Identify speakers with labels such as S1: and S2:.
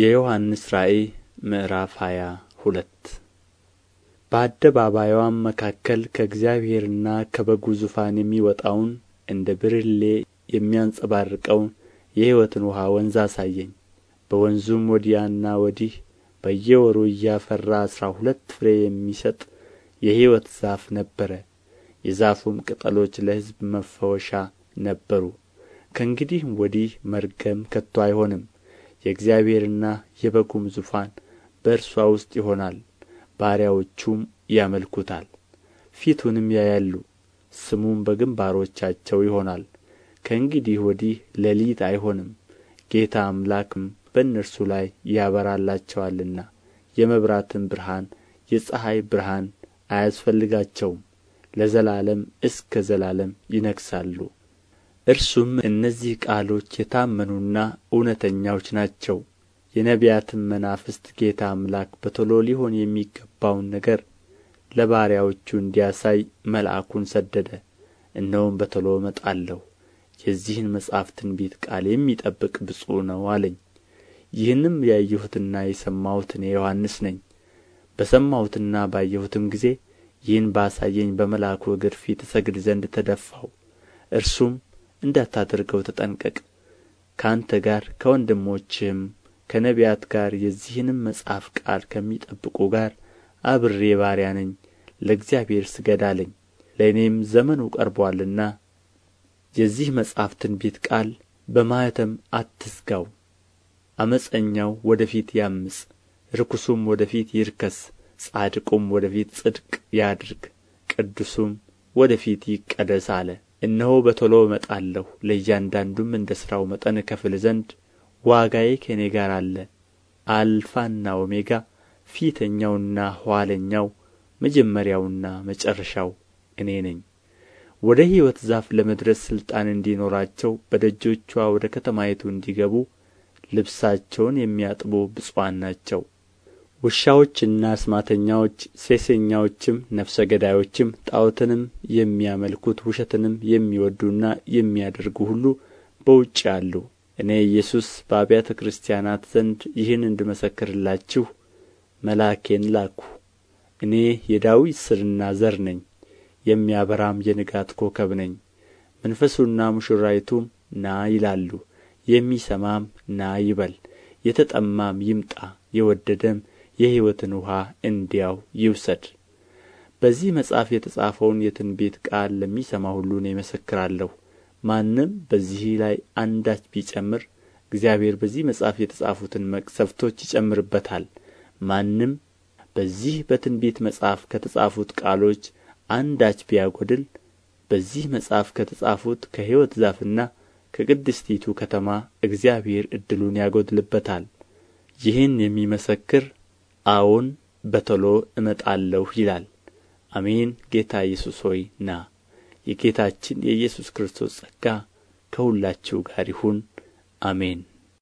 S1: የዮሐንስ ራእይ ምዕራፍ ሃያ ሁለት በአደባባይዋም መካከል ከእግዚአብሔርና ከበጉ ዙፋን የሚወጣውን እንደ ብርሌ የሚያንጸባርቀውን የሕይወትን ውኃ ወንዝ አሳየኝ በወንዙም ወዲያና ወዲህ በየወሩ እያፈራ አሥራ ሁለት ፍሬ የሚሰጥ የሕይወት ዛፍ ነበረ የዛፉም ቅጠሎች ለሕዝብ መፈወሻ ነበሩ ከእንግዲህም ወዲህ መርገም ከቶ አይሆንም የእግዚአብሔርና የበጉም ዙፋን በእርስዋ ውስጥ ይሆናል ባሪያዎቹም ያመልኩታል ፊቱንም ያያሉ ስሙም በግምባሮቻቸው ይሆናል ከእንግዲህ ወዲህ ሌሊት አይሆንም ጌታ አምላክም በእነርሱ ላይ ያበራላቸዋልና የመብራትን ብርሃን የፀሐይ ብርሃን አያስፈልጋቸውም ለዘላለም እስከ ዘላለም ይነግሣሉ እርሱም እነዚህ ቃሎች የታመኑና እውነተኛዎች ናቸው የነቢያትም መናፍስት ጌታ አምላክ በቶሎ ሊሆን የሚገባውን ነገር ለባሪያዎቹ እንዲያሳይ መልአኩን ሰደደ እነሆም በቶሎ እመጣለሁ የዚህን መጽሐፍ ትንቢት ቃል የሚጠብቅ ብፁዕ ነው አለኝ ይህንም ያየሁትና የሰማሁት እኔ ዮሐንስ ነኝ በሰማሁትና ባየሁትም ጊዜ ይህን ባሳየኝ በመልአኩ እግር ፊት እሰግድ ዘንድ ተደፋሁ እርሱም እንዳታደርገው ተጠንቀቅ ከአንተ ጋር ከወንድሞችህም ከነቢያት ጋር የዚህንም መጽሐፍ ቃል ከሚጠብቁ ጋር አብሬ ባሪያ ነኝ ለእግዚአብሔር ስገድ አለኝ ለእኔም ዘመኑ ቀርቦአልና የዚህ መጽሐፍ ትንቢት ቃል በማኅተም አትዝጋው ዓመፀኛው ወደ ፊት ያምፅ ርኩሱም ወደ ፊት ይርከስ ጻድቁም ወደ ፊት ጽድቅ ያድርግ ቅዱሱም ወደ ፊት ይቀደስ አለ እነሆ በቶሎ እመጣለሁ ለእያንዳንዱም እንደ ሥራው መጠን እከፍል ዘንድ ዋጋዬ ከእኔ ጋር አለ አልፋና ኦሜጋ ፊተኛውና ኋለኛው መጀመሪያውና መጨረሻው እኔ ነኝ ወደ ሕይወት ዛፍ ለመድረስ ሥልጣን እንዲኖራቸው በደጆችዋ ወደ ከተማይቱ እንዲገቡ ልብሳቸውን የሚያጥቡ ብፁዓን ናቸው ውሻዎችና አስማተኛዎች ሴሰኛዎችም ነፍሰ ገዳዮችም ጣዖትንም የሚያመልኩት ውሸትንም የሚወዱና የሚያደርጉ ሁሉ በውጭ አሉ እኔ ኢየሱስ በአብያተ ክርስቲያናት ዘንድ ይህን እንድመሰክርላችሁ መልአኬን ላኩ! እኔ የዳዊት ሥርና ዘር ነኝ የሚያበራም የንጋት ኮከብ ነኝ መንፈሱና ሙሽራይቱም ና ይላሉ የሚሰማም ና ይበል የተጠማም ይምጣ የወደደም የሕይወትን ውኃ እንዲያው ይውሰድ በዚህ መጽሐፍ የተጻፈውን የትንቢት ቃል ለሚሰማ ሁሉ እኔ እመሰክራለሁ ማንም በዚህ ላይ አንዳች ቢጨምር እግዚአብሔር በዚህ መጽሐፍ የተጻፉትን መቅሰፍቶች ይጨምርበታል ማንም በዚህ በትንቢት መጽሐፍ ከተጻፉት ቃሎች አንዳች ቢያጎድል በዚህ መጽሐፍ ከተጻፉት ከሕይወት ዛፍና ከቅድስቲቱ ከተማ እግዚአብሔር ዕድሉን ያጎድልበታል ይህን የሚመሰክር አዎን በቶሎ እመጣለሁ ይላል አሜን ጌታ ኢየሱስ ሆይ ና የጌታችን የኢየሱስ ክርስቶስ ጸጋ ከሁላችሁ ጋር ይሁን አሜን